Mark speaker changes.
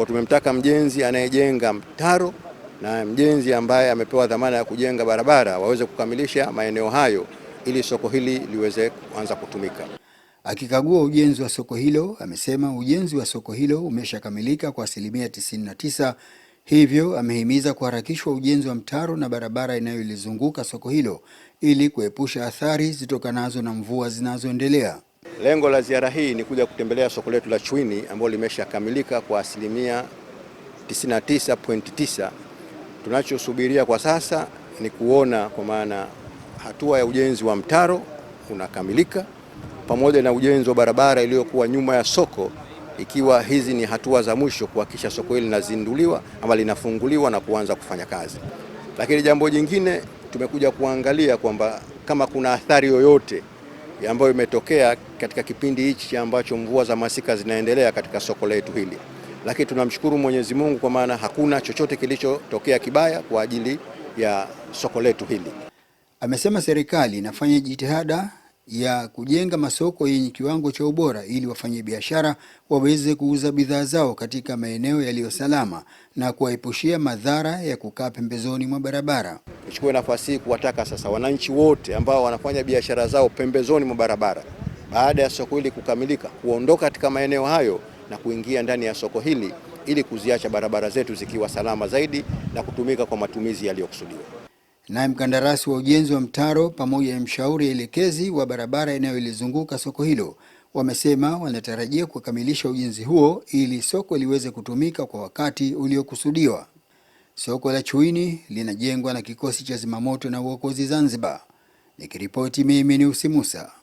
Speaker 1: Kwa tumemtaka mjenzi anayejenga mtaro na mjenzi ambaye amepewa dhamana ya kujenga barabara waweze kukamilisha maeneo hayo ili soko hili liweze kuanza kutumika.
Speaker 2: Akikagua ujenzi wa soko hilo, amesema ujenzi wa soko hilo umeshakamilika kwa asilimia 99, hivyo amehimiza kuharakishwa ujenzi wa mtaro na barabara inayolizunguka soko hilo ili kuepusha athari zitokanazo na mvua zinazoendelea.
Speaker 1: Lengo la ziara hii ni kuja kutembelea soko letu la Chwini ambalo limeshakamilika kwa asilimia 99.9. Tunachosubiria kwa sasa ni kuona kwa maana hatua ya ujenzi wa mtaro unakamilika pamoja na ujenzi wa barabara iliyokuwa nyuma ya soko, ikiwa hizi ni hatua za mwisho kuhakikisha soko hili linazinduliwa ama linafunguliwa na kuanza kufanya kazi. Lakini jambo jingine tumekuja kuangalia kwamba kama kuna athari yoyote ambayo imetokea katika kipindi hichi ambacho mvua za masika zinaendelea katika soko letu hili, lakini tunamshukuru Mwenyezi Mungu kwa maana hakuna chochote kilichotokea kibaya kwa ajili ya soko letu hili.
Speaker 2: Amesema serikali inafanya jitihada ya kujenga masoko yenye kiwango cha ubora ili wafanyabiashara waweze kuuza bidhaa zao katika maeneo yaliyosalama na kuwaepushia madhara ya kukaa pembezoni mwa barabara.
Speaker 1: Nichukue nafasi hii kuwataka sasa wananchi wote ambao wanafanya biashara zao pembezoni mwa barabara, baada ya soko hili kukamilika, kuondoka katika maeneo hayo na kuingia ndani ya soko hili ili kuziacha barabara zetu zikiwa salama zaidi na kutumika kwa matumizi yaliyokusudiwa.
Speaker 2: Naye mkandarasi wa ujenzi wa mtaro pamoja na mshauri elekezi wa barabara inayolizunguka soko hilo wamesema wanatarajia kukamilisha ujenzi huo ili soko liweze kutumika kwa wakati uliokusudiwa. Soko la Chuini linajengwa na kikosi cha zimamoto na uokozi Zanzibar. Nikiripoti mimi ni Usi Musa.